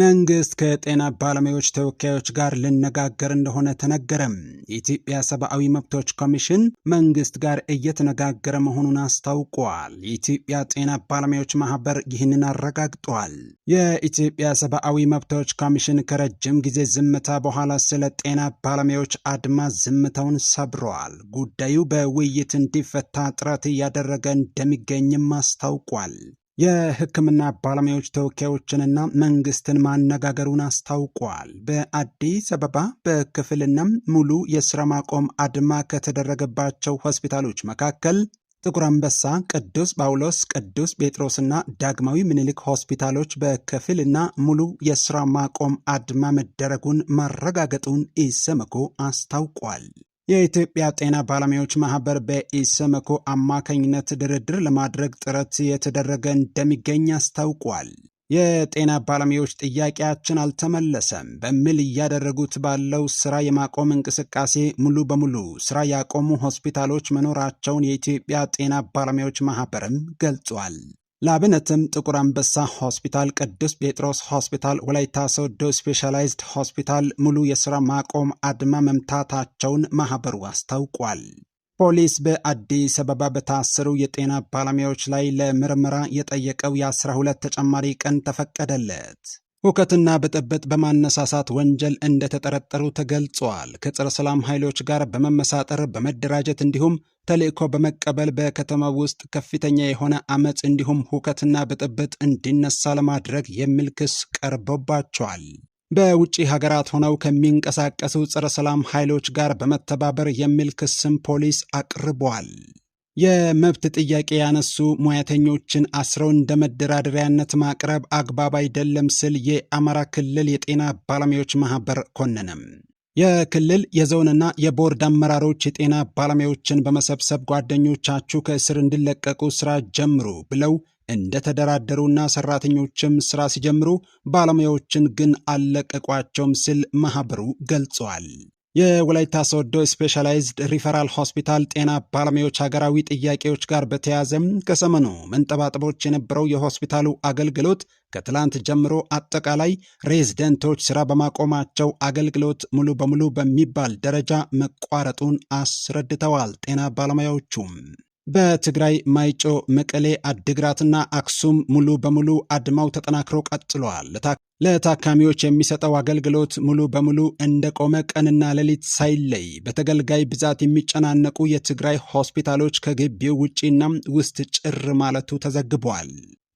መንግስት ከጤና ባለሙያዎች ተወካዮች ጋር ልነጋገር እንደሆነ ተነገረም። የኢትዮጵያ ሰብአዊ መብቶች ኮሚሽን መንግስት ጋር እየተነጋገረ መሆኑን አስታውቋል። የኢትዮጵያ ጤና ባለሙያዎች ማህበር ይህንን አረጋግጧል። የኢትዮጵያ ሰብአዊ መብቶች ኮሚሽን ከረጅም ጊዜ ዝምታ በኋላ ስለ ጤና ባለሙያዎች አድማ ዝምታውን ሰብረዋል። ጉዳዩ በውይይት እንዲፈታ ጥረት እያደረገ እንደሚገኝም አስታውቋል። የሕክምና ባለሙያዎች ተወካዮችንና መንግስትን ማነጋገሩን አስታውቋል። በአዲስ አበባ በክፍልና ሙሉ የስራ ማቆም አድማ ከተደረገባቸው ሆስፒታሎች መካከል ጥቁር አንበሳ፣ ቅዱስ ጳውሎስ፣ ቅዱስ ጴጥሮስና ዳግማዊ ምኒልክ ሆስፒታሎች በከፊልና ሙሉ የስራ ማቆም አድማ መደረጉን ማረጋገጡን ኢሰመኮ አስታውቋል። የኢትዮጵያ ጤና ባለሙያዎች ማህበር በኢሰመኮ አማካኝነት ድርድር ለማድረግ ጥረት የተደረገ እንደሚገኝ አስታውቋል። የጤና ባለሙያዎች ጥያቄያችን አልተመለሰም በሚል እያደረጉት ባለው ስራ የማቆም እንቅስቃሴ ሙሉ በሙሉ ስራ ያቆሙ ሆስፒታሎች መኖራቸውን የኢትዮጵያ ጤና ባለሙያዎች ማህበርም ገልጿል። ለአብነትም ጥቁር አንበሳ ሆስፒታል፣ ቅዱስ ጴጥሮስ ሆስፒታል፣ ወላይታ ሶዶ ስፔሻላይዝድ ሆስፒታል ሙሉ የሥራ ማቆም አድማ መምታታቸውን ማኅበሩ አስታውቋል። ፖሊስ በአዲስ አበባ በታሰሩ የጤና ባለሙያዎች ላይ ለምርመራ የጠየቀው የ12 ተጨማሪ ቀን ተፈቀደለት። ሁከትና ብጥብጥ በማነሳሳት ወንጀል እንደተጠረጠሩ ተገልጸዋል። ከጸረ ሰላም ኃይሎች ጋር በመመሳጠር በመደራጀት እንዲሁም ተልእኮ በመቀበል በከተማ ውስጥ ከፍተኛ የሆነ አመፅ እንዲሁም ሁከትና ብጥብጥ እንዲነሳ ለማድረግ የሚል ክስ ቀርቦባቸዋል። በውጭ ሀገራት ሆነው ከሚንቀሳቀሱ ጸረ ሰላም ኃይሎች ጋር በመተባበር የሚል ክስም ፖሊስ አቅርቧል። የመብት ጥያቄ ያነሱ ሙያተኞችን አስረው እንደ መደራደሪያነት ማቅረብ አግባብ አይደለም ሲል የአማራ ክልል የጤና ባለሙያዎች ማህበር ኮነነም። የክልል የዞንና የቦርድ አመራሮች የጤና ባለሙያዎችን በመሰብሰብ ጓደኞቻችሁ ከእስር እንዲለቀቁ ስራ ጀምሩ ብለው እንደተደራደሩና ሰራተኞችም ስራ ሲጀምሩ ባለሙያዎችን ግን አልለቀቋቸውም ስል ማህበሩ ገልጸዋል። የወላይታ ሶዶ ስፔሻላይዝድ ሪፈራል ሆስፒታል ጤና ባለሙያዎች ሀገራዊ ጥያቄዎች ጋር በተያያዘም ከሰሞኑ መንጠባጠቦች የነበረው የሆስፒታሉ አገልግሎት ከትላንት ጀምሮ አጠቃላይ ሬዚደንቶች ስራ በማቆማቸው አገልግሎት ሙሉ በሙሉ በሚባል ደረጃ መቋረጡን አስረድተዋል። ጤና ባለሙያዎቹም በትግራይ ማይጮ፣ መቀሌ፣ አድግራትና አክሱም ሙሉ በሙሉ አድማው ተጠናክሮ ቀጥሏል። ለታካሚዎች የሚሰጠው አገልግሎት ሙሉ በሙሉ እንደቆመ ቀንና ሌሊት ሳይለይ በተገልጋይ ብዛት የሚጨናነቁ የትግራይ ሆስፒታሎች ከግቢው ውጪና ውስጥ ጭር ማለቱ ተዘግቧል።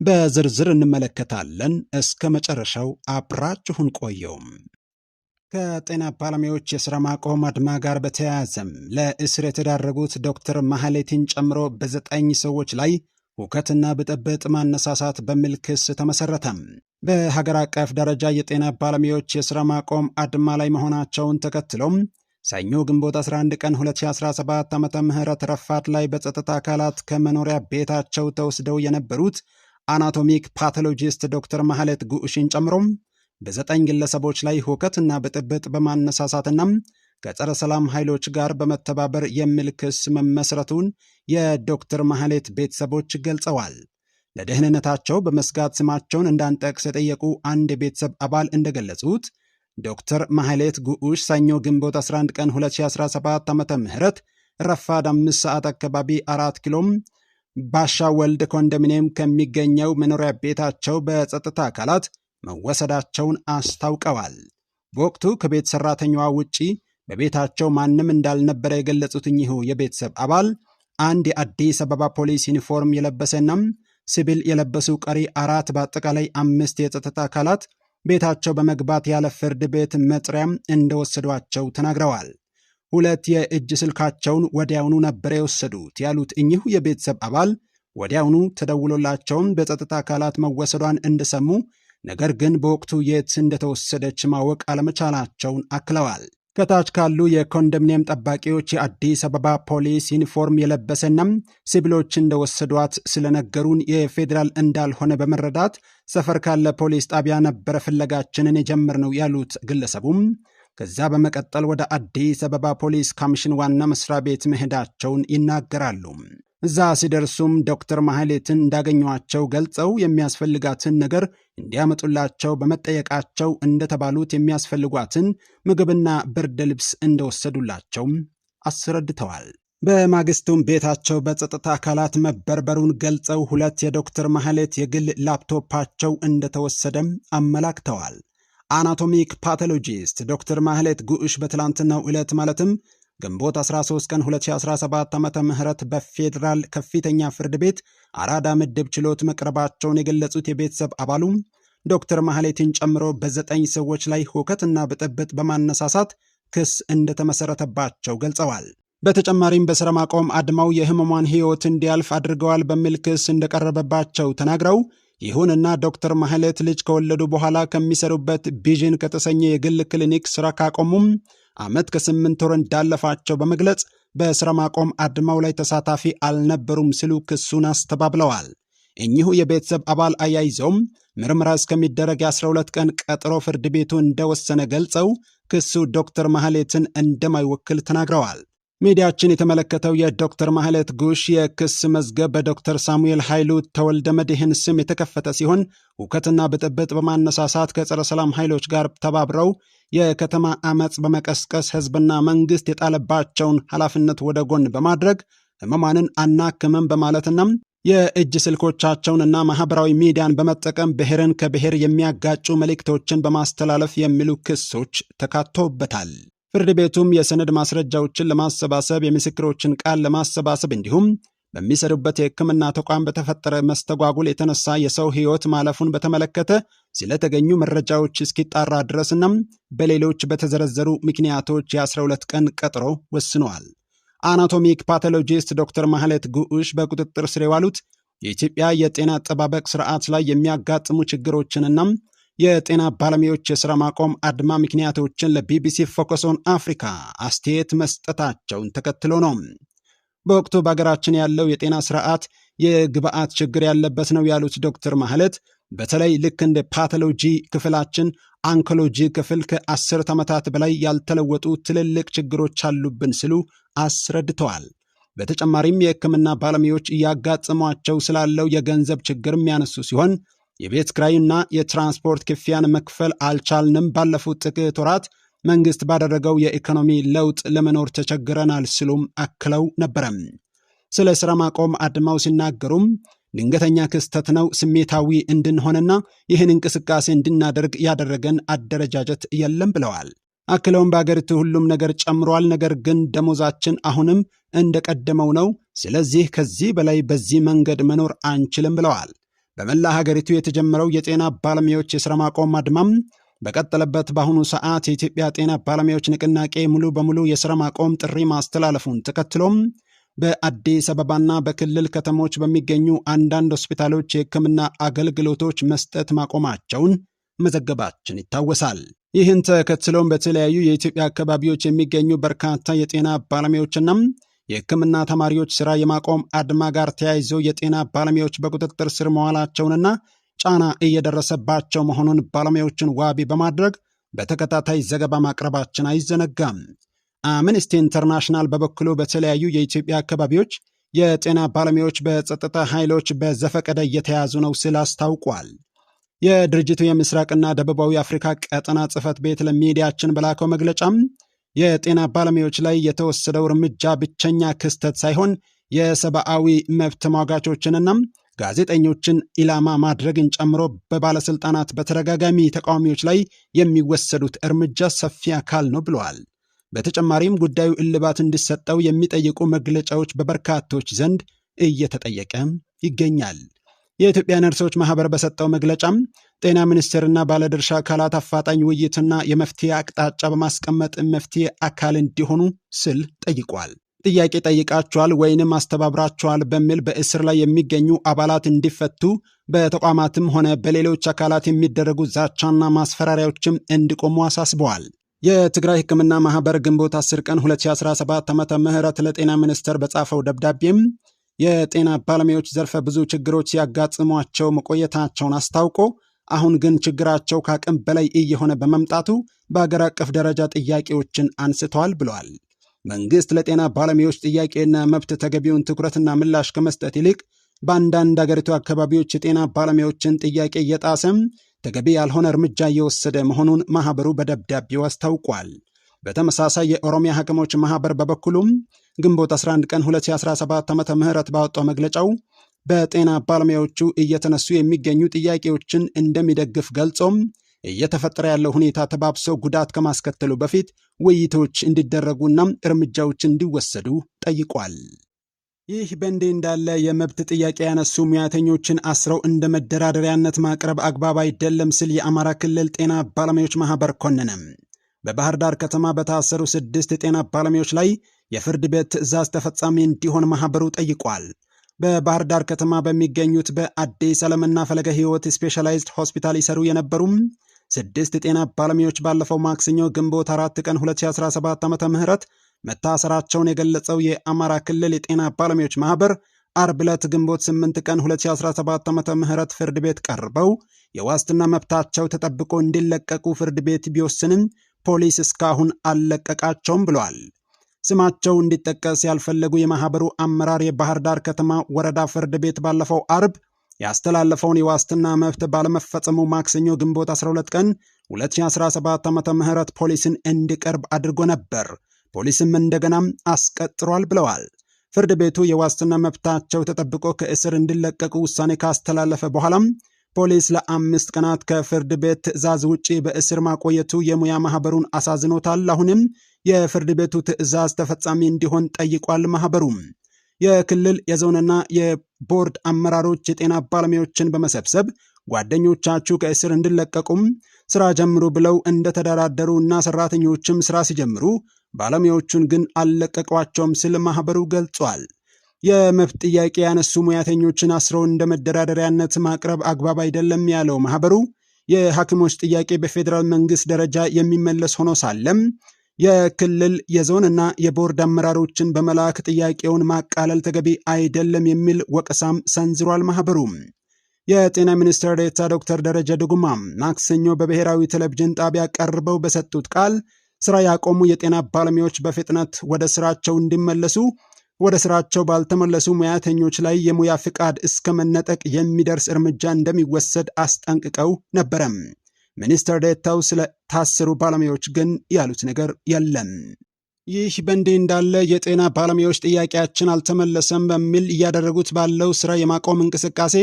በዝርዝር እንመለከታለን። እስከ መጨረሻው አብራችሁን ቆየውም ከጤና ባለሙያዎች የሥራ ማቆም አድማ ጋር በተያያዘም ለእስር የተዳረጉት ዶክተር ማህሌቲን ጨምሮ በዘጠኝ ሰዎች ላይ ሁከትና ብጥብጥ ማነሳሳት በሚል ክስ ተመሠረተም። በሀገር አቀፍ ደረጃ የጤና ባለሙያዎች የሥራ ማቆም አድማ ላይ መሆናቸውን ተከትሎም ሰኞ ግንቦት 11 ቀን 2017 ዓ ም ረፋድ ላይ በጸጥታ አካላት ከመኖሪያ ቤታቸው ተወስደው የነበሩት አናቶሚክ ፓቶሎጂስት ዶክተር ማህሌት ጉዑሽን ጨምሮም በዘጠኝ ግለሰቦች ላይ ሁከትና ብጥብጥ በማነሳሳትና ከጸረ ሰላም ኃይሎች ጋር በመተባበር የሚል ክስ መመስረቱን የዶክተር ማህሌት ቤተሰቦች ገልጸዋል። ለደህንነታቸው በመስጋት ስማቸውን እንዳንጠቅስ የጠየቁ አንድ የቤተሰብ አባል እንደገለጹት ዶክተር ማህሌት ጉዑሽ ሰኞ ግንቦት 11 ቀን 2017 ዓ ም ረፋድ 5 ሰዓት አካባቢ 4 ኪሎም ባሻ ወልድ ኮንዶሚኒየም ከሚገኘው መኖሪያ ቤታቸው በጸጥታ አካላት መወሰዳቸውን አስታውቀዋል። በወቅቱ ከቤት ሰራተኛዋ ውጪ በቤታቸው ማንም እንዳልነበረ የገለጹት እኚሁ የቤተሰብ አባል አንድ የአዲስ አበባ ፖሊስ ዩኒፎርም የለበሰናም ሲቪል የለበሱ ቀሪ አራት በአጠቃላይ አምስት የጸጥታ አካላት ቤታቸው በመግባት ያለ ፍርድ ቤት መጥሪያም እንደወሰዷቸው ተናግረዋል። ሁለት የእጅ ስልካቸውን ወዲያውኑ ነበር የወሰዱት ያሉት እኚሁ የቤተሰብ አባል ወዲያውኑ ተደውሎላቸውም በጸጥታ አካላት መወሰዷን እንደሰሙ ነገር ግን በወቅቱ የት እንደተወሰደች ማወቅ አለመቻላቸውን አክለዋል። ከታች ካሉ የኮንዶሚኒየም ጠባቂዎች የአዲስ አበባ ፖሊስ ዩኒፎርም የለበሰና ሲቪሎች እንደወሰዷት ስለነገሩን የፌዴራል እንዳልሆነ በመረዳት ሰፈር ካለ ፖሊስ ጣቢያ ነበረ ፍለጋችንን የጀመርነው ያሉት ግለሰቡም ከዛ በመቀጠል ወደ አዲስ አበባ ፖሊስ ኮሚሽን ዋና መስሪያ ቤት መሄዳቸውን ይናገራሉ። እዛ ሲደርሱም ዶክተር ማህሌትን እንዳገኟቸው ገልጸው የሚያስፈልጋትን ነገር እንዲያመጡላቸው በመጠየቃቸው እንደተባሉት የሚያስፈልጓትን ምግብና ብርድ ልብስ እንደወሰዱላቸውም አስረድተዋል። በማግስቱም ቤታቸው በጸጥታ አካላት መበርበሩን ገልጸው ሁለት የዶክተር ማህሌት የግል ላፕቶፓቸው እንደተወሰደም አመላክተዋል። አናቶሚክ ፓቶሎጂስት ዶክተር ማህሌት ጉዑሽ በትላንትናው ዕለት ማለትም ግንቦት 13 ቀን 2017 ዓ ም በፌዴራል ከፍተኛ ፍርድ ቤት አራዳ ምድብ ችሎት መቅረባቸውን የገለጹት የቤተሰብ አባሉ ዶክተር ማህሌትን ጨምሮ በዘጠኝ ሰዎች ላይ ሁከትና ብጥብጥ በማነሳሳት ክስ እንደተመሰረተባቸው ገልጸዋል። በተጨማሪም በስራ ማቆም አድማው የህመሟን ህይወት እንዲያልፍ አድርገዋል በሚል ክስ እንደቀረበባቸው ተናግረው ይሁንና ዶክተር ማህሌት ልጅ ከወለዱ በኋላ ከሚሰሩበት ቢዥን ከተሰኘ የግል ክሊኒክ ስራ ካቆሙም ዓመት ከስምንት ወር እንዳለፋቸው በመግለጽ በሥራ ማቆም አድማው ላይ ተሳታፊ አልነበሩም ሲሉ ክሱን አስተባብለዋል። እኚሁ የቤተሰብ አባል አያይዘውም ምርመራ እስከሚደረግ የ12 ቀን ቀጠሮ ፍርድ ቤቱ እንደወሰነ ገልጸው ክሱ ዶክተር ማህሌትን እንደማይወክል ተናግረዋል። ሚዲያችን የተመለከተው የዶክተር ማህሌት ጉሽ የክስ መዝገብ በዶክተር ሳሙኤል ኃይሉ ተወልደ መድህን ስም የተከፈተ ሲሆን ሁከትና ብጥብጥ በማነሳሳት ከጸረ ሰላም ኃይሎች ጋር ተባብረው የከተማ አመፅ በመቀስቀስ ህዝብና መንግስት የጣለባቸውን ኃላፊነት ወደ ጎን በማድረግ ህመማንን አናክምም በማለትና የእጅ ስልኮቻቸውንና ማህበራዊ ሚዲያን በመጠቀም ብሔርን ከብሔር የሚያጋጩ መልእክቶችን በማስተላለፍ የሚሉ ክሶች ተካቶበታል። ፍርድ ቤቱም የሰነድ ማስረጃዎችን ለማሰባሰብ የምስክሮችን ቃል ለማሰባሰብ እንዲሁም በሚሰሩበት የሕክምና ተቋም በተፈጠረ መስተጓጉል የተነሳ የሰው ሕይወት ማለፉን በተመለከተ ስለተገኙ መረጃዎች እስኪጣራ ድረስና በሌሎች በተዘረዘሩ ምክንያቶች የ12 ቀን ቀጥሮ ወስነዋል። አናቶሚክ ፓቶሎጂስት ዶክተር ማህሌት ጉዑሽ በቁጥጥር ስር የዋሉት የኢትዮጵያ የጤና አጠባበቅ ስርዓት ላይ የሚያጋጥሙ ችግሮችንና የጤና ባለሙያዎች የሥራ ማቆም አድማ ምክንያቶችን ለቢቢሲ ፎከስ ኦን አፍሪካ አስተያየት መስጠታቸውን ተከትሎ ነው። በወቅቱ በሀገራችን ያለው የጤና ስርዓት የግብአት ችግር ያለበት ነው ያሉት ዶክተር ማህለት በተለይ ልክ እንደ ፓቶሎጂ ክፍላችን አንኮሎጂ ክፍል ከአስርት ዓመታት በላይ ያልተለወጡ ትልልቅ ችግሮች አሉብን ሲሉ አስረድተዋል። በተጨማሪም የሕክምና ባለሙያዎች እያጋጠሟቸው ስላለው የገንዘብ ችግር የሚያነሱ ሲሆን የቤት ክራይና የትራንስፖርት ክፍያን መክፈል አልቻልንም። ባለፉት ጥቂት ወራት መንግስት ባደረገው የኢኮኖሚ ለውጥ ለመኖር ተቸግረናል ሲሉም አክለው ነበረም። ስለ ስራ ማቆም አድማው ሲናገሩም ድንገተኛ ክስተት ነው፣ ስሜታዊ እንድንሆንና ይህን እንቅስቃሴ እንድናደርግ ያደረገን አደረጃጀት የለም ብለዋል። አክለውም በአገሪቱ ሁሉም ነገር ጨምሯል፣ ነገር ግን ደሞዛችን አሁንም እንደቀደመው ነው። ስለዚህ ከዚህ በላይ በዚህ መንገድ መኖር አንችልም ብለዋል። በመላ ሀገሪቱ የተጀመረው የጤና ባለሙያዎች የሥራ ማቆም አድማም በቀጠለበት በአሁኑ ሰዓት የኢትዮጵያ ጤና ባለሙያዎች ንቅናቄ ሙሉ በሙሉ የሥራ ማቆም ጥሪ ማስተላለፉን ተከትሎም በአዲስ አበባና በክልል ከተሞች በሚገኙ አንዳንድ ሆስፒታሎች የሕክምና አገልግሎቶች መስጠት ማቆማቸውን መዘገባችን ይታወሳል። ይህን ተከትሎም በተለያዩ የኢትዮጵያ አካባቢዎች የሚገኙ በርካታ የጤና ባለሙያዎችና የሕክምና ተማሪዎች ስራ የማቆም አድማ ጋር ተያይዘው የጤና ባለሙያዎች በቁጥጥር ስር መዋላቸውንና ጫና እየደረሰባቸው መሆኑን ባለሙያዎችን ዋቢ በማድረግ በተከታታይ ዘገባ ማቅረባችን አይዘነጋም። አምነስቲ ኢንተርናሽናል በበኩሉ በተለያዩ የኢትዮጵያ አካባቢዎች የጤና ባለሙያዎች በጸጥታ ኃይሎች በዘፈቀደ እየተያዙ ነው ሲል አስታውቋል። የድርጅቱ የምስራቅና ደቡባዊ አፍሪካ ቀጠና ጽህፈት ቤት ለሚዲያችን በላከው መግለጫም የጤና ባለሙያዎች ላይ የተወሰደው እርምጃ ብቸኛ ክስተት ሳይሆን የሰብአዊ መብት ተሟጋቾችንና ጋዜጠኞችን ኢላማ ማድረግን ጨምሮ በባለስልጣናት በተደጋጋሚ ተቃዋሚዎች ላይ የሚወሰዱት እርምጃ ሰፊ አካል ነው ብለዋል። በተጨማሪም ጉዳዩ እልባት እንዲሰጠው የሚጠይቁ መግለጫዎች በበርካቶች ዘንድ እየተጠየቀ ይገኛል። የኢትዮጵያ ነርሶች ማህበር በሰጠው መግለጫም ጤና ሚኒስቴርና ባለድርሻ አካላት አፋጣኝ ውይይትና የመፍትሄ አቅጣጫ በማስቀመጥ መፍትሄ አካል እንዲሆኑ ስል ጠይቋል። ጥያቄ ጠይቃቸዋል ወይንም አስተባብራቸዋል በሚል በእስር ላይ የሚገኙ አባላት እንዲፈቱ በተቋማትም ሆነ በሌሎች አካላት የሚደረጉ ዛቻና ማስፈራሪያዎችም እንዲቆሙ አሳስበዋል። የትግራይ ሕክምና ማህበር ግንቦት 10 ቀን 2017 ዓ ም ለጤና ሚኒስቴር በጻፈው ደብዳቤም የጤና ባለሙያዎች ዘርፈ ብዙ ችግሮች ሲያጋጥሟቸው መቆየታቸውን አስታውቆ አሁን ግን ችግራቸው ከአቅም በላይ እየሆነ በመምጣቱ በአገር አቀፍ ደረጃ ጥያቄዎችን አንስተዋል ብለዋል። መንግሥት ለጤና ባለሙያዎች ጥያቄና መብት ተገቢውን ትኩረትና ምላሽ ከመስጠት ይልቅ በአንዳንድ አገሪቱ አካባቢዎች የጤና ባለሙያዎችን ጥያቄ እየጣሰም ተገቢ ያልሆነ እርምጃ እየወሰደ መሆኑን ማኅበሩ በደብዳቤው አስታውቋል። በተመሳሳይ የኦሮሚያ ሐኪሞች ማኅበር በበኩሉም ግንቦት 11 ቀን 2017 ዓ ም ባወጣው መግለጫው በጤና ባለሙያዎቹ እየተነሱ የሚገኙ ጥያቄዎችን እንደሚደግፍ ገልጾም እየተፈጠረ ያለው ሁኔታ ተባብሶ ጉዳት ከማስከተሉ በፊት ውይይቶች እንዲደረጉና እርምጃዎች እንዲወሰዱ ጠይቋል። ይህ በእንዲህ እንዳለ የመብት ጥያቄ ያነሱ ሙያተኞችን አስረው እንደ መደራደሪያነት ማቅረብ አግባብ አይደለም ሲል የአማራ ክልል ጤና ባለሙያዎች ማህበር ኮንነም። በባህር ዳር ከተማ በታሰሩ ስድስት የጤና ባለሙያዎች ላይ የፍርድ ቤት ትዕዛዝ ተፈጻሚ እንዲሆን ማህበሩ ጠይቋል። በባህር ዳር ከተማ በሚገኙት በአዲስ ዓለምና ፈለገ ሕይወት ስፔሻላይዝድ ሆስፒታል ይሰሩ የነበሩም ስድስት የጤና ባለሙያዎች ባለፈው ማክሰኞ ግንቦት 4 ቀን 2017 ዓ ም መታሰራቸውን የገለጸው የአማራ ክልል የጤና ባለሙያዎች ማህበር አርብ ዕለት ግንቦት 8 ቀን 2017 ዓ ም ፍርድ ቤት ቀርበው የዋስትና መብታቸው ተጠብቆ እንዲለቀቁ ፍርድ ቤት ቢወስንም ፖሊስ እስካሁን አልለቀቃቸውም ብሏል። ስማቸው እንዲጠቀስ ያልፈለጉ የማህበሩ አመራር የባህር ዳር ከተማ ወረዳ ፍርድ ቤት ባለፈው አርብ ያስተላለፈውን የዋስትና መብት ባለመፈጸሙ ማክሰኞ ግንቦት 12 ቀን 2017 ዓም ምህረት ፖሊስን እንዲቀርብ አድርጎ ነበር። ፖሊስም እንደገናም አስቀጥሯል ብለዋል። ፍርድ ቤቱ የዋስትና መብታቸው ተጠብቆ ከእስር እንዲለቀቁ ውሳኔ ካስተላለፈ በኋላም ፖሊስ ለአምስት ቀናት ከፍርድ ቤት ትዕዛዝ ውጪ በእስር ማቆየቱ የሙያ ማህበሩን አሳዝኖታል። አሁንም የፍርድ ቤቱ ትዕዛዝ ተፈጻሚ እንዲሆን ጠይቋል። ማህበሩም የክልል የዞንና የቦርድ አመራሮች የጤና ባለሙያዎችን በመሰብሰብ ጓደኞቻችሁ ከእስር እንዲለቀቁም ስራ ጀምሩ ብለው እንደተደራደሩ እና ሰራተኞችም ስራ ሲጀምሩ ባለሙያዎቹን ግን አልለቀቋቸውም ሲል ማህበሩ ገልጿል። የመብት ጥያቄ ያነሱ ሙያተኞችን አስረው እንደ መደራደሪያነት ማቅረብ አግባብ አይደለም ያለው ማህበሩ የሐኪሞች ጥያቄ በፌዴራል መንግስት ደረጃ የሚመለስ ሆኖ ሳለም የክልል የዞንና የቦርድ አመራሮችን በመላክ ጥያቄውን ማቃለል ተገቢ አይደለም የሚል ወቀሳም ሰንዝሯል ማህበሩ። የጤና ሚኒስትር ዴኤታ ዶክተር ደረጀ ድጉማ ማክሰኞ በብሔራዊ ቴሌቪዥን ጣቢያ ቀርበው በሰጡት ቃል ስራ ያቆሙ የጤና ባለሙያዎች በፍጥነት ወደ ስራቸው እንዲመለሱ፣ ወደ ስራቸው ባልተመለሱ ሙያተኞች ላይ የሙያ ፍቃድ እስከ መነጠቅ የሚደርስ እርምጃ እንደሚወሰድ አስጠንቅቀው ነበረም። ሚኒስትር ዴኤታው ስለ ታሰሩ ባለሙያዎች ግን ያሉት ነገር የለም። ይህ በእንዲህ እንዳለ የጤና ባለሙያዎች ጥያቄያችን አልተመለሰም በሚል እያደረጉት ባለው ስራ የማቆም እንቅስቃሴ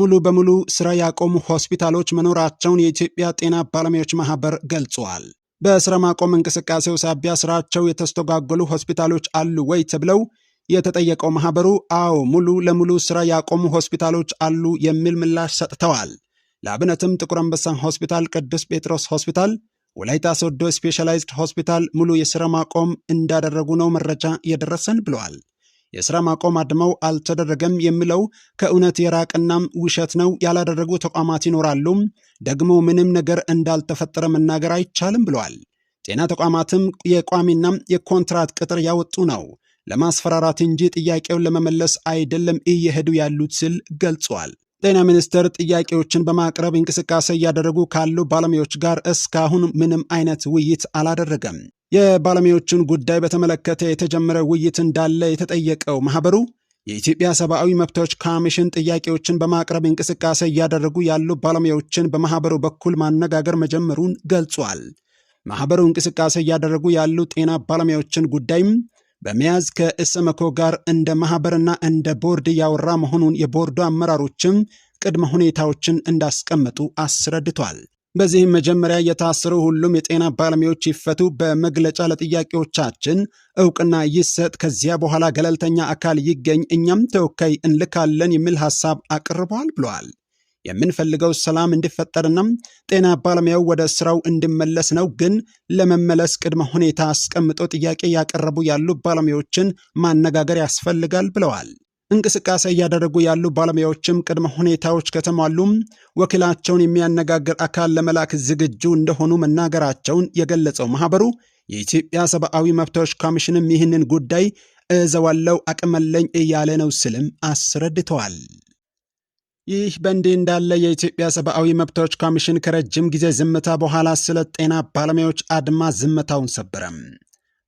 ሙሉ በሙሉ ስራ ያቆሙ ሆስፒታሎች መኖራቸውን የኢትዮጵያ ጤና ባለሙያዎች ማህበር ገልጿል። በስራ ማቆም እንቅስቃሴው ሳቢያ ስራቸው የተስተጓጎሉ ሆስፒታሎች አሉ ወይ ተብለው የተጠየቀው ማህበሩ አዎ ሙሉ ለሙሉ ስራ ያቆሙ ሆስፒታሎች አሉ የሚል ምላሽ ሰጥተዋል። ለአብነትም ጥቁር አንበሳ ሆስፒታል፣ ቅዱስ ጴጥሮስ ሆስፒታል፣ ወላይታ ሶዶ ስፔሻላይዝድ ሆስፒታል ሙሉ የሥራ ማቆም እንዳደረጉ ነው መረጃ የደረሰን ብለዋል። የሥራ ማቆም አድመው አልተደረገም የሚለው ከእውነት የራቅናም ውሸት ነው። ያላደረጉ ተቋማት ይኖራሉ። ደግሞ ምንም ነገር እንዳልተፈጠረ መናገር አይቻልም ብለዋል። ጤና ተቋማትም የቋሚና የኮንትራት ቅጥር ያወጡ ነው ለማስፈራራት እንጂ ጥያቄውን ለመመለስ አይደለም እየሄዱ ያሉት ሲል ገልጿል። ጤና ሚኒስቴር ጥያቄዎችን በማቅረብ እንቅስቃሴ እያደረጉ ካሉ ባለሙያዎች ጋር እስካሁን ምንም አይነት ውይይት አላደረገም። የባለሙያዎችን ጉዳይ በተመለከተ የተጀመረ ውይይት እንዳለ የተጠየቀው ማህበሩ የኢትዮጵያ ሰብአዊ መብቶች ኮሚሽን ጥያቄዎችን በማቅረብ እንቅስቃሴ እያደረጉ ያሉ ባለሙያዎችን በማህበሩ በኩል ማነጋገር መጀመሩን ገልጿል። ማህበሩ እንቅስቃሴ እያደረጉ ያሉ ጤና ባለሙያዎችን ጉዳይም በመያዝ ከእሰመኮ ጋር እንደ ማኅበርና እንደ ቦርድ እያወራ መሆኑን የቦርዱ አመራሮችም ቅድመ ሁኔታዎችን እንዳስቀመጡ አስረድቷል። በዚህም መጀመሪያ የታሰሩ ሁሉም የጤና ባለሙያዎች ይፈቱ፣ በመግለጫ ለጥያቄዎቻችን እውቅና ይሰጥ፣ ከዚያ በኋላ ገለልተኛ አካል ይገኝ፣ እኛም ተወካይ እንልካለን የሚል ሐሳብ አቅርበዋል ብለዋል። የምንፈልገው ሰላም እንዲፈጠርና ጤና ባለሙያው ወደ ስራው እንዲመለስ ነው። ግን ለመመለስ ቅድመ ሁኔታ አስቀምጦ ጥያቄ ያቀረቡ ያሉ ባለሙያዎችን ማነጋገር ያስፈልጋል ብለዋል። እንቅስቃሴ እያደረጉ ያሉ ባለሙያዎችም ቅድመ ሁኔታዎች ከተሟሉም ወኪላቸውን የሚያነጋግር አካል ለመላክ ዝግጁ እንደሆኑ መናገራቸውን የገለጸው ማህበሩ የኢትዮጵያ ሰብአዊ መብቶች ኮሚሽንም ይህንን ጉዳይ እዘዋለው አቅመለኝ እያለ ነው ስልም አስረድተዋል። ይህ በእንዲህ እንዳለ የኢትዮጵያ ሰብአዊ መብቶች ኮሚሽን ከረጅም ጊዜ ዝምታ በኋላ ስለ ጤና ባለሙያዎች አድማ ዝምታውን ሰበረም።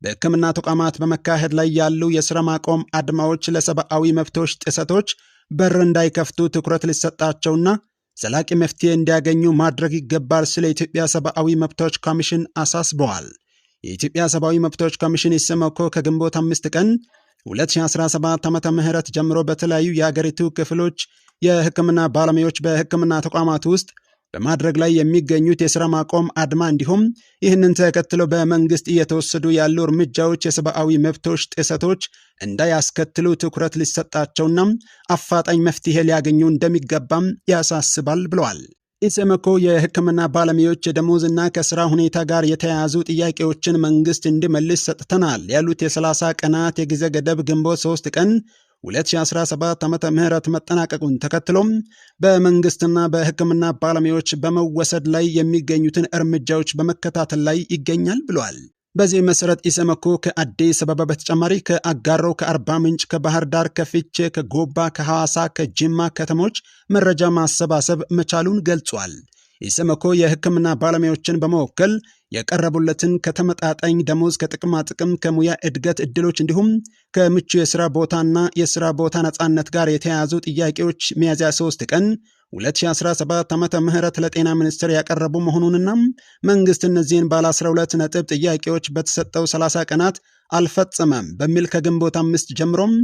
በሕክምና ተቋማት በመካሄድ ላይ ያሉ የሥራ ማቆም አድማዎች ለሰብአዊ መብቶች ጥሰቶች በር እንዳይከፍቱ ትኩረት ሊሰጣቸውና ዘላቂ መፍትሄ እንዲያገኙ ማድረግ ይገባል ስለ ኢትዮጵያ ሰብአዊ መብቶች ኮሚሽን አሳስበዋል። የኢትዮጵያ ሰብአዊ መብቶች ኮሚሽን ኢሰመኮ ከግንቦት አምስት ቀን 2017 ዓ ም ጀምሮ በተለያዩ የአገሪቱ ክፍሎች የህክምና ባለሙያዎች በህክምና ተቋማት ውስጥ በማድረግ ላይ የሚገኙት የሥራ ማቆም አድማ እንዲሁም ይህንን ተከትለው በመንግሥት እየተወሰዱ ያሉ እርምጃዎች የሰብአዊ መብቶች ጥሰቶች እንዳያስከትሉ ትኩረት ሊሰጣቸውና አፋጣኝ መፍትሔ ሊያገኙ እንደሚገባም ያሳስባል ብለዋል። ኢሰመኮ የህክምና ባለሙያዎች የደሞዝና ከሥራ ሁኔታ ጋር የተያያዙ ጥያቄዎችን መንግሥት እንዲመልስ ሰጥተናል ያሉት የ30 ቀናት የጊዜ ገደብ ግንቦት 3 ቀን 2017 ዓ.ም ምህረት መጠናቀቁን ተከትሎም በመንግስትና በሕክምና ባለሙያዎች በመወሰድ ላይ የሚገኙትን እርምጃዎች በመከታተል ላይ ይገኛል ብለዋል። በዚህ መሰረት ኢሰመኮ ከአዲስ አበባ በተጨማሪ ከአጋሮ፣ ከአርባ ምንጭ፣ ከባህር ዳር፣ ከፍቼ፣ ከጎባ፣ ከሐዋሳ፣ ከጅማ ከተሞች መረጃ ማሰባሰብ መቻሉን ገልጿል። ኢሰመኮ የሕክምና ባለሙያዎችን በመወከል የቀረቡለትን ከተመጣጣኝ ደሞዝ፣ ከጥቅማ ጥቅም፣ ከሙያ እድገት እድሎች እንዲሁም ከምቹ የስራ ቦታና የስራ ቦታ ነጻነት ጋር የተያያዙ ጥያቄዎች ሚያዝያ 3 ቀን 2017 ዓ ም ለጤና ሚኒስቴር ያቀረቡ መሆኑንና መንግስት እነዚህን ባለ 12 ነጥብ ጥያቄዎች በተሰጠው 30 ቀናት አልፈጸመም በሚል ከግንቦት አምስት ጀምሮም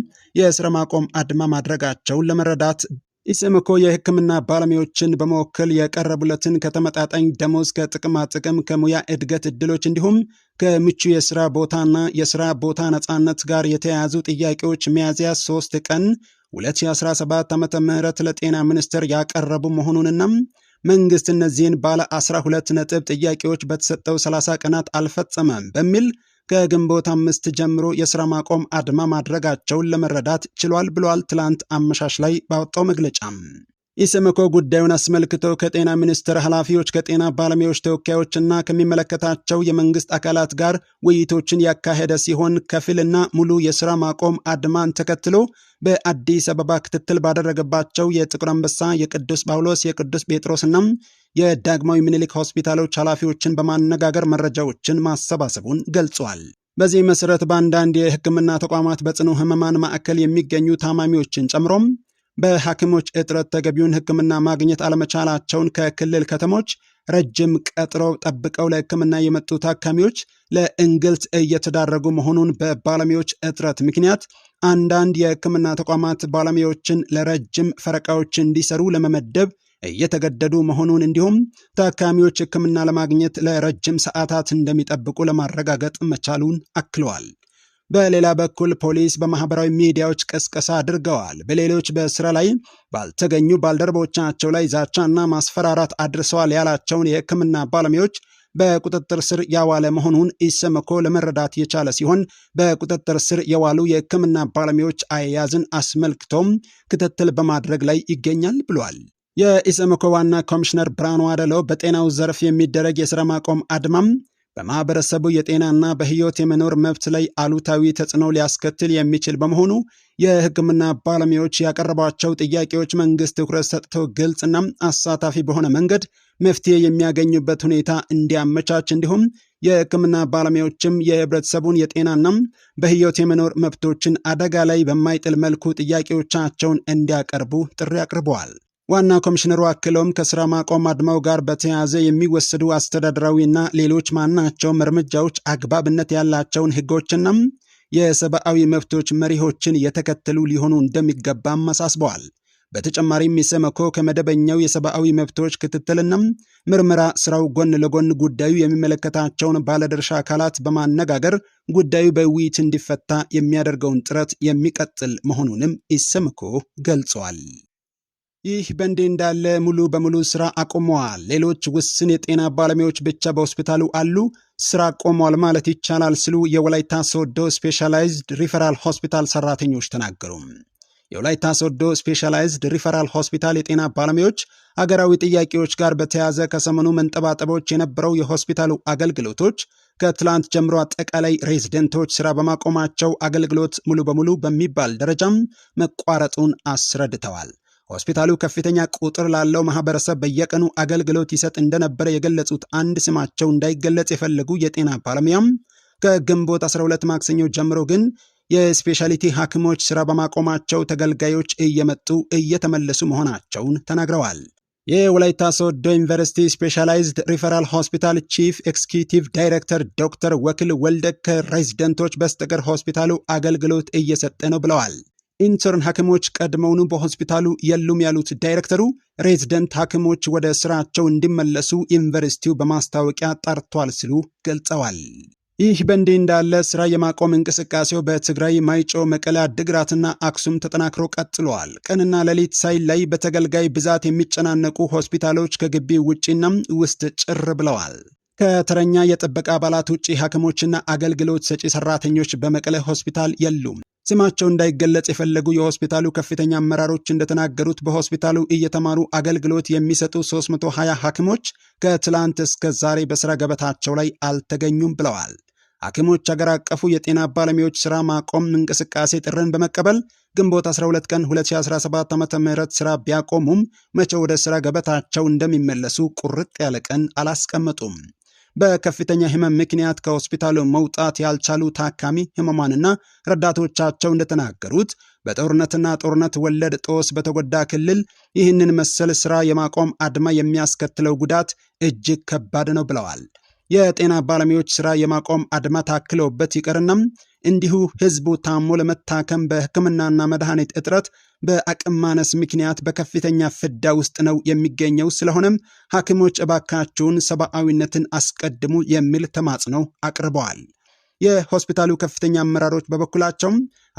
የስራ ማቆም አድማ ማድረጋቸውን ለመረዳት ኢሰመኮ የሕክምና ባለሙያዎችን በመወከል የቀረቡለትን ከተመጣጣኝ ደሞዝ፣ ከጥቅማ ጥቅም፣ ከሙያ እድገት እድሎች እንዲሁም ከምቹ የስራ ቦታና የስራ ቦታ ነፃነት ጋር የተያያዙ ጥያቄዎች ሚያዝያ 3 ቀን 2017 ዓ ም ለጤና ሚኒስቴር ያቀረቡ መሆኑንና መንግሥት እነዚህን ባለ 12 ነጥብ ጥያቄዎች በተሰጠው 30 ቀናት አልፈጸመም በሚል ከግንቦት አምስት ጀምሮ የስራ ማቆም አድማ ማድረጋቸውን ለመረዳት ችሏል ብሏል። ትላንት አመሻሽ ላይ ባወጣው መግለጫ ኢሰመኮ ጉዳዩን አስመልክቶ ከጤና ሚኒስቴር ኃላፊዎች፣ ከጤና ባለሙያዎች ተወካዮችና ከሚመለከታቸው የመንግስት አካላት ጋር ውይይቶችን ያካሄደ ሲሆን ከፊልና ሙሉ የስራ ማቆም አድማን ተከትሎ በአዲስ አበባ ክትትል ባደረገባቸው የጥቁር አንበሳ፣ የቅዱስ ጳውሎስ፣ የቅዱስ ጴጥሮስና የዳግማዊ ምኒልክ ሆስፒታሎች ኃላፊዎችን በማነጋገር መረጃዎችን ማሰባሰቡን ገልጿል። በዚህ መሰረት በአንዳንድ የሕክምና ተቋማት በጽኑ ህመማን ማዕከል የሚገኙ ታማሚዎችን ጨምሮም በሐኪሞች እጥረት ተገቢውን ሕክምና ማግኘት አለመቻላቸውን ከክልል ከተሞች ረጅም ቀጥሮ ጠብቀው ለሕክምና የመጡ ታካሚዎች ለእንግልት እየተዳረጉ መሆኑን በባለሙያዎች እጥረት ምክንያት አንዳንድ የሕክምና ተቋማት ባለሙያዎችን ለረጅም ፈረቃዎች እንዲሰሩ ለመመደብ እየተገደዱ መሆኑን እንዲሁም ታካሚዎች ሕክምና ለማግኘት ለረጅም ሰዓታት እንደሚጠብቁ ለማረጋገጥ መቻሉን አክለዋል። በሌላ በኩል ፖሊስ በማህበራዊ ሚዲያዎች ቀስቀሳ አድርገዋል፣ በሌሎች በስራ ላይ ባልተገኙ ባልደረቦቻቸው ላይ ዛቻና ማስፈራራት አድርሰዋል ያላቸውን የሕክምና ባለሙያዎች በቁጥጥር ስር ያዋለ መሆኑን ኢሰመኮ ለመረዳት የቻለ ሲሆን በቁጥጥር ስር የዋሉ የሕክምና ባለሙያዎች አያያዝን አስመልክቶም ክትትል በማድረግ ላይ ይገኛል ብሏል። የኢሰመኮ ዋና ኮሚሽነር ብርሃኑ አደሎ በጤናው ዘርፍ የሚደረግ የስራ ማቆም አድማም በማህበረሰቡ የጤናና በህይወት የመኖር መብት ላይ አሉታዊ ተጽዕኖ ሊያስከትል የሚችል በመሆኑ የህክምና ባለሙያዎች ያቀረቧቸው ጥያቄዎች መንግስት ትኩረት ሰጥቶ ግልጽና አሳታፊ በሆነ መንገድ መፍትሄ የሚያገኙበት ሁኔታ እንዲያመቻች እንዲሁም የህክምና ባለሙያዎችም የህብረተሰቡን የጤናና በህይወት የመኖር መብቶችን አደጋ ላይ በማይጥል መልኩ ጥያቄዎቻቸውን እንዲያቀርቡ ጥሪ አቅርበዋል። ዋና ኮሚሽነሩ አክለውም ከስራ ማቆም አድማው ጋር በተያያዘ የሚወሰዱ አስተዳደራዊና ሌሎች ማናቸውም እርምጃዎች አግባብነት ያላቸውን ህጎችና የሰብአዊ መብቶች መሪሆችን የተከተሉ ሊሆኑ እንደሚገባም አሳስበዋል። በተጨማሪም የሰመኮ ከመደበኛው የሰብአዊ መብቶች ክትትልና ምርመራ ስራው ጎን ለጎን ጉዳዩ የሚመለከታቸውን ባለድርሻ አካላት በማነጋገር ጉዳዩ በውይይት እንዲፈታ የሚያደርገውን ጥረት የሚቀጥል መሆኑንም ኢሰመኮ ገልጿል። ይህ በእንዲህ እንዳለ ሙሉ በሙሉ ስራ አቁመዋል። ሌሎች ውስን የጤና ባለሙያዎች ብቻ በሆስፒታሉ አሉ፣ ስራ ቆመዋል ማለት ይቻላል ሲሉ የወላይታ ሶዶ ስፔሻላይዝድ ሪፈራል ሆስፒታል ሰራተኞች ተናገሩ። የወላይታ ሶዶ ስፔሻላይዝድ ሪፈራል ሆስፒታል የጤና ባለሙያዎች አገራዊ ጥያቄዎች ጋር በተያያዘ ከሰሞኑ መንጠባጠቦች የነበረው የሆስፒታሉ አገልግሎቶች ከትላንት ጀምሮ አጠቃላይ ሬዚደንቶች ስራ በማቆማቸው አገልግሎት ሙሉ በሙሉ በሚባል ደረጃም መቋረጡን አስረድተዋል። ሆስፒታሉ ከፍተኛ ቁጥር ላለው ማህበረሰብ በየቀኑ አገልግሎት ይሰጥ እንደነበረ የገለጹት አንድ ስማቸው እንዳይገለጽ የፈለጉ የጤና ባለሙያም ከግንቦት 12 ማክሰኞ ጀምሮ ግን የስፔሻሊቲ ሐኪሞች ሥራ በማቆማቸው ተገልጋዮች እየመጡ እየተመለሱ መሆናቸውን ተናግረዋል። የወላይታ ሶዶ ዩኒቨርሲቲ ስፔሻላይዝድ ሪፈራል ሆስፒታል ቺፍ ኤክስኪዩቲቭ ዳይሬክተር ዶክተር ወክል ወልደ ከሬዚደንቶች በስተቀር ሆስፒታሉ አገልግሎት እየሰጠ ነው ብለዋል። ኢንተርን ሐኪሞች ቀድመውኑ በሆስፒታሉ የሉም ያሉት ዳይሬክተሩ ሬዚደንት ሐኪሞች ወደ ስራቸው እንዲመለሱ ዩኒቨርሲቲው በማስታወቂያ ጠርቷል ሲሉ ገልጸዋል። ይህ በእንዲህ እንዳለ ስራ የማቆም እንቅስቃሴው በትግራይ ማይጮ፣ መቀለ፣ አድግራትና አክሱም ተጠናክሮ ቀጥለዋል። ቀንና ሌሊት ላይ በተገልጋይ ብዛት የሚጨናነቁ ሆስፒታሎች ከግቢ ውጪና ውስጥ ጭር ብለዋል። ከተረኛ የጥበቃ አባላት ውጪ ሐኪሞችና አገልግሎት ሰጪ ሰራተኞች በመቀለ ሆስፒታል የሉም። ስማቸው እንዳይገለጽ የፈለጉ የሆስፒታሉ ከፍተኛ አመራሮች እንደተናገሩት በሆስፒታሉ እየተማሩ አገልግሎት የሚሰጡ 320 ሐኪሞች ከትላንት እስከ ዛሬ በሥራ ገበታቸው ላይ አልተገኙም ብለዋል። ሐኪሞች አገር አቀፉ የጤና ባለሙያዎች ሥራ ማቆም እንቅስቃሴ ጥርን በመቀበል ግንቦት 12 ቀን 2017 ም ሥራ ቢያቆሙም መቼ ወደ ሥራ ገበታቸው እንደሚመለሱ ቁርጥ ያለ ቀን አላስቀመጡም። በከፍተኛ ህመም ምክንያት ከሆስፒታሉ መውጣት ያልቻሉ ታካሚ ህመማንና ረዳቶቻቸው እንደተናገሩት በጦርነትና ጦርነት ወለድ ጦስ በተጎዳ ክልል ይህንን መሰል ስራ የማቆም አድማ የሚያስከትለው ጉዳት እጅግ ከባድ ነው ብለዋል። የጤና ባለሙያዎች ስራ የማቆም አድማ ታክለውበት ይቀርና እንዲሁ ህዝቡ ታሞ ለመታከም በህክምናና መድኃኒት እጥረት በአቅም ማነስ ምክንያት በከፍተኛ ፍዳ ውስጥ ነው የሚገኘው። ስለሆነም ሐኪሞች እባካችሁን ሰብአዊነትን አስቀድሙ የሚል ተማጽኖ አቅርበዋል። የሆስፒታሉ ከፍተኛ አመራሮች በበኩላቸው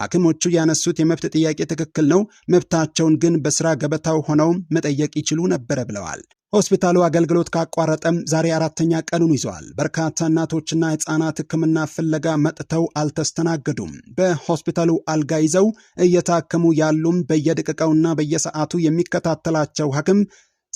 ሐኪሞቹ ያነሱት የመብት ጥያቄ ትክክል ነው፣ መብታቸውን ግን በስራ ገበታው ሆነው መጠየቅ ይችሉ ነበረ ብለዋል። ሆስፒታሉ አገልግሎት ካቋረጠም ዛሬ አራተኛ ቀኑን ይዘዋል። በርካታ እናቶችና ህፃናት ህክምና ፍለጋ መጥተው አልተስተናገዱም። በሆስፒታሉ አልጋ ይዘው እየታከሙ ያሉም በየደቂቃውና በየሰዓቱ የሚከታተላቸው ሐኪም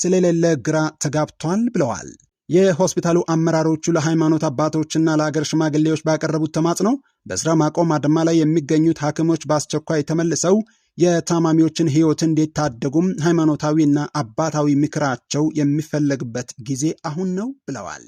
ስለሌለ ግራ ተጋብቷል ብለዋል። የሆስፒታሉ አመራሮቹ ለሃይማኖት አባቶችና ለአገር ሽማግሌዎች ባቀረቡት ተማጽኖ በስራ ማቆም አድማ ላይ የሚገኙት ሐኪሞች በአስቸኳይ ተመልሰው የታማሚዎችን ህይወት እንዴት ታደጉም ሃይማኖታዊና አባታዊ ምክራቸው የሚፈለግበት ጊዜ አሁን ነው ብለዋል።